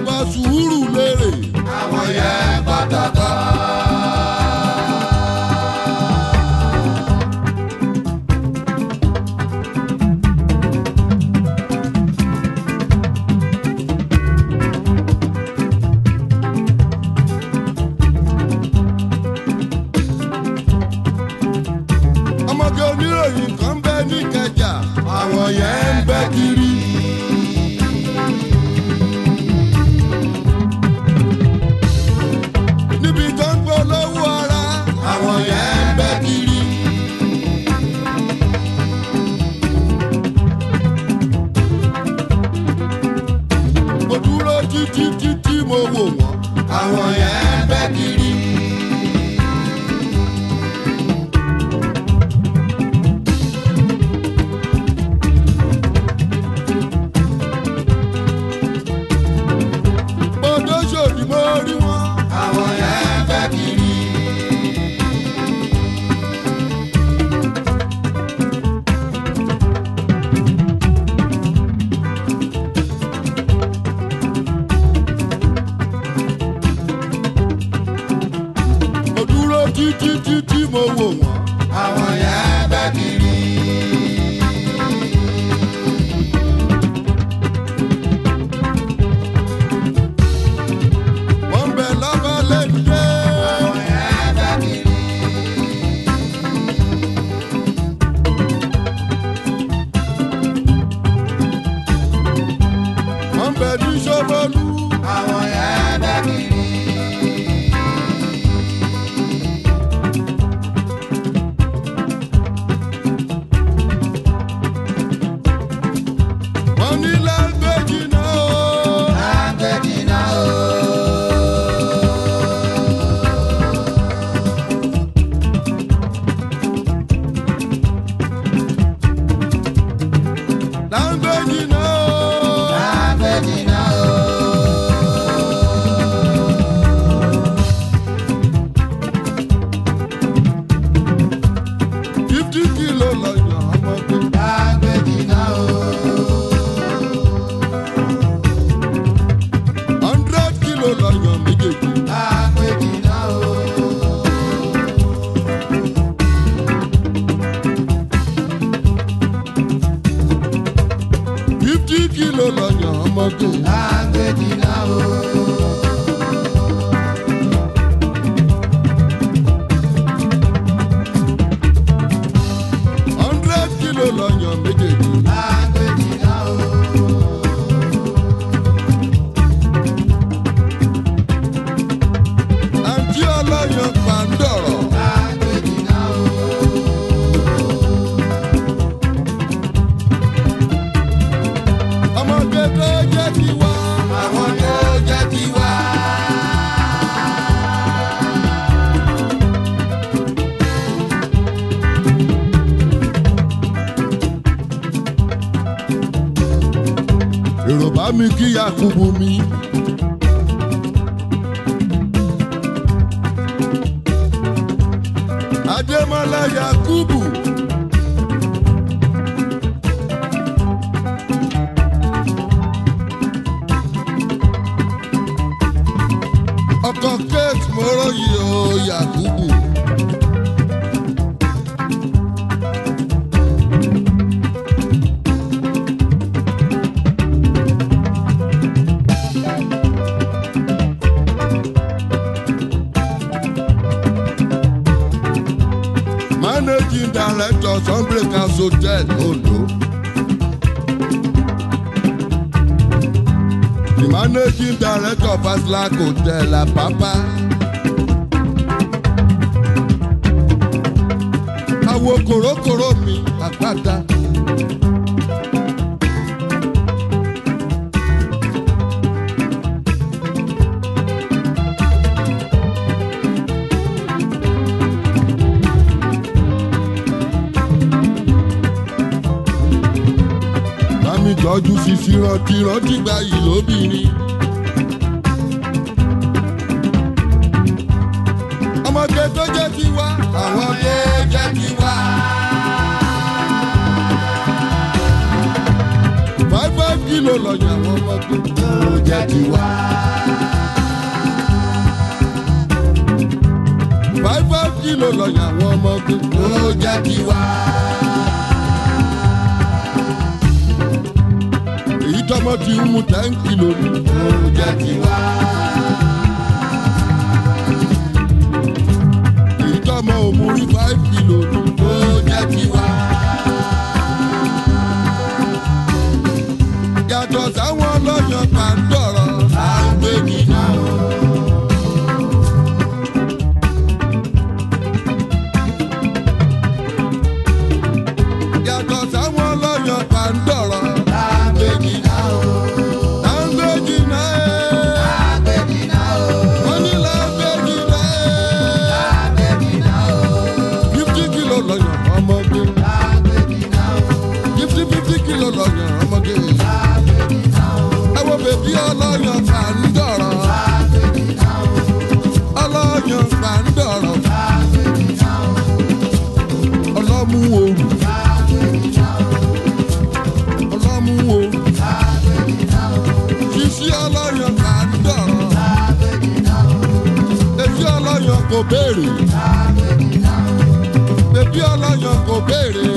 bá sùúrù pẹ̀lú ìṣòro lù. àwọn yẹn. èrò bá mi kí Yakubu mi. Adémọ́lá Yakubu. director sunbreakers hotel ondo. the managing director like hotel apapa. awo korokoro mi àpáta. ìrọ́jú fífi rántí rántí gba yìí lóbìnrin. ọmọge tó jẹ́ tiwa àwọn tó jẹ́ tiwa. five five kilo lọ́jà àwọn ọmọge tó jẹ́ tiwa. five five kilo lọ́jà àwọn ọmọge tó jẹ́ tiwa. ọmọ ti ń mu ten kilo. oúnjẹ ti wá. ìjọba òmùrí five kilo. oúnjẹ ti wá. yàtọ̀ sáwọn ọlọ́yọ̀ pàǹdọ̀rọ̀. àwọn ènìyàn. kò béèrè bèbí ọlọ́yàn kò béèrè.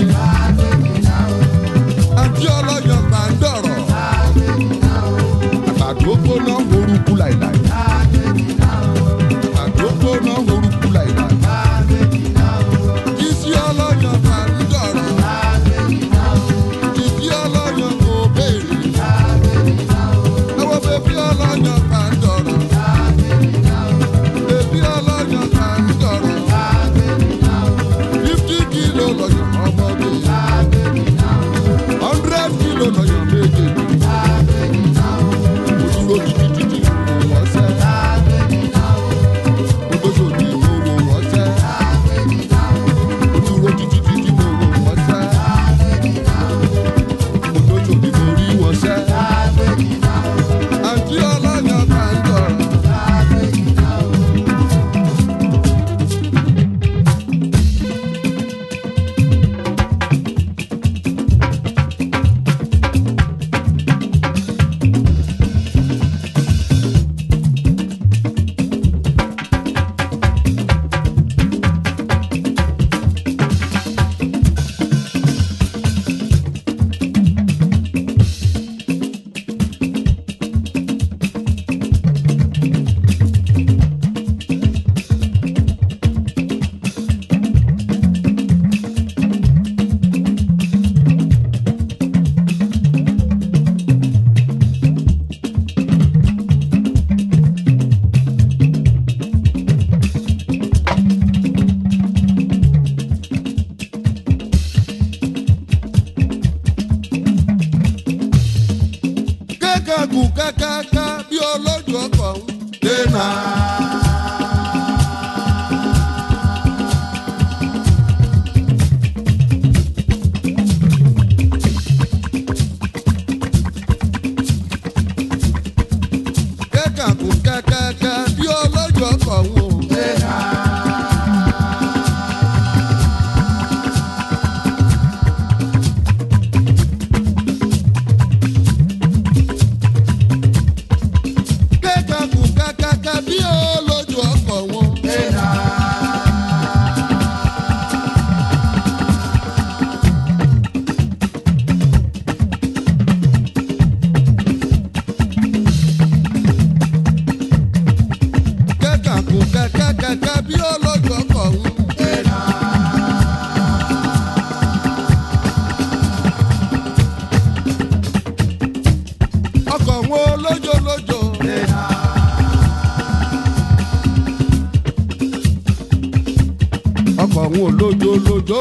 àwọn olójolójo. ọkọ̀ àwọn olójolójo.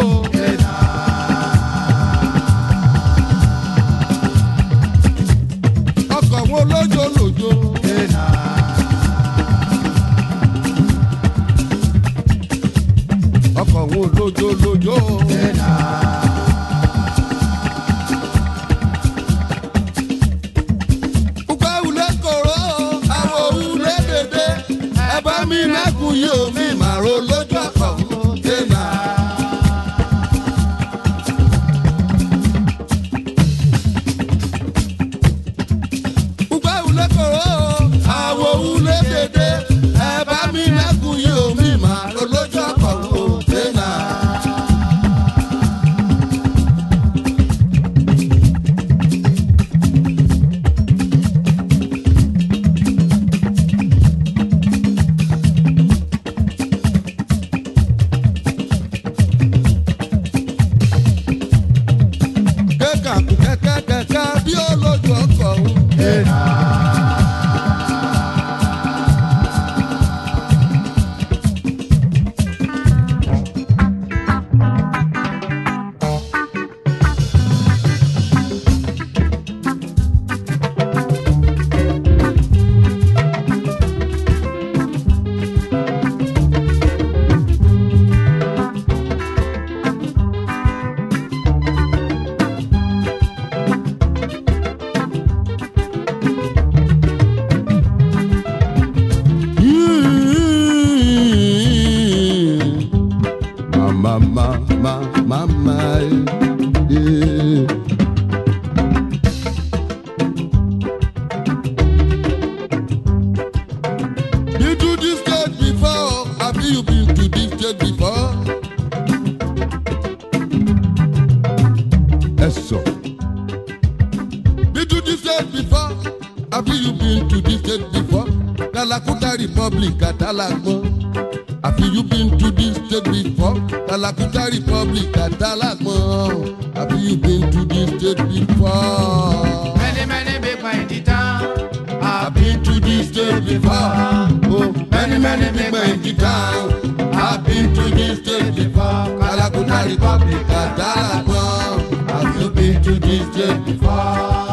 ọkọ̀ àwọn olójolójo. ọkọ̀ àwọn olójolójo. kú lómi. been to this state before? Lalakuta Republic àtàlàgbọ́n. Have you been to this state before? Lalakuta Republic àtàlàgbọ́n. Have you been to this state before? Many many people in the town. I've been to this state before. Oh, many many people in the town. I've been to this state before. Lalakuta Republic àtàlàgbọ́n. Have you been to this state before?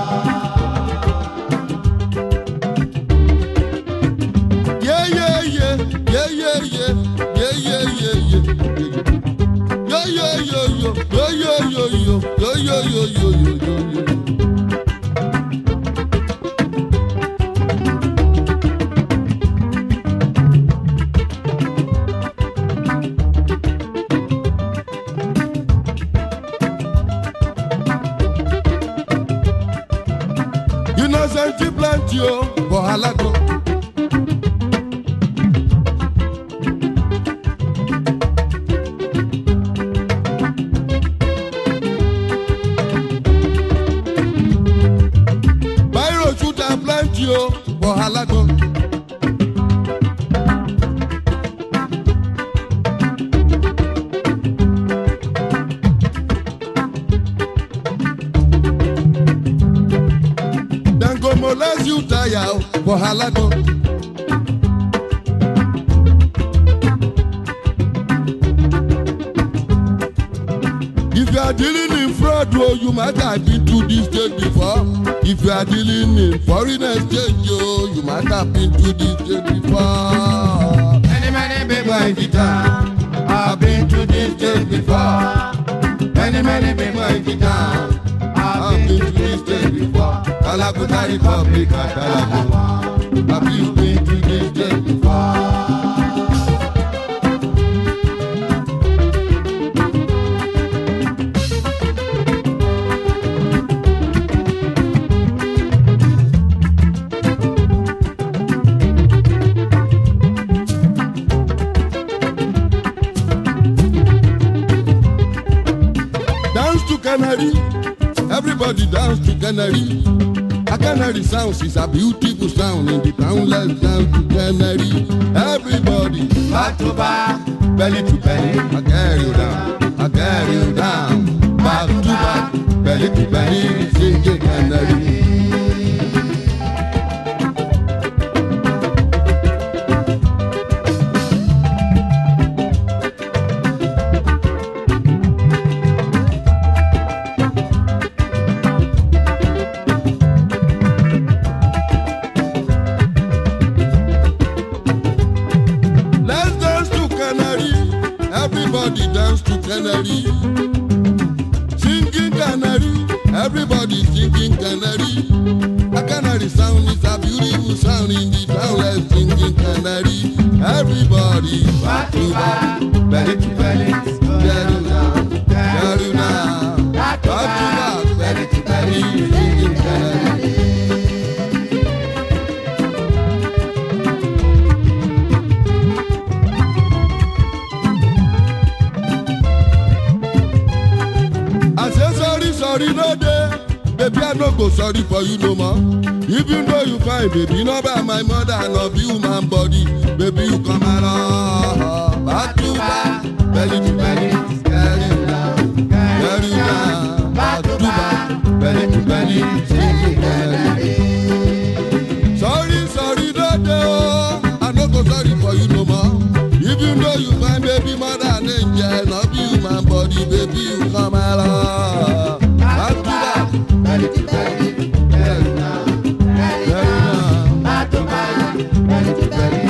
jí o bọ̀ alágbó. dangomo lẹ́sìn ìtayà o bọ̀ If you are dealing in fraud, oh, you might have been to this state before. If you are dealing in foreign exchange, yo, you must tap into this before. Many, many people in Vietnam have been to this state before. Many, many people in Vietnam have been to this state before. Kalakuta Republic, Calacuta. I've been to this state before. canary. Everybody dance to canary. A canary sound is a beautiful sound in the town. Let's dance to canary. Everybody. Back to back, belly to belly. I carry you down. I carry you down. Back to back, belly to belly. Sing the canary. canary. Singing canary, everybody singing canary. A canary sound is a beautiful sound in the town. Let's singing canary. Everybody. Batiba, belly to belly. sorry for you no more. Even though you fine, baby, not by my mother, I love you, man, body. Baby, you come along. Back to back, belly to belly, belly to belly, belly to belly, back belly to belly, belly to belly. Sorry, sorry, no, no. I no sorry for you no more. Even though you fine, baby, mother, and angel, love you, my body. Baby, you come along. Belly belly, belly belly belly to down, down. to belly.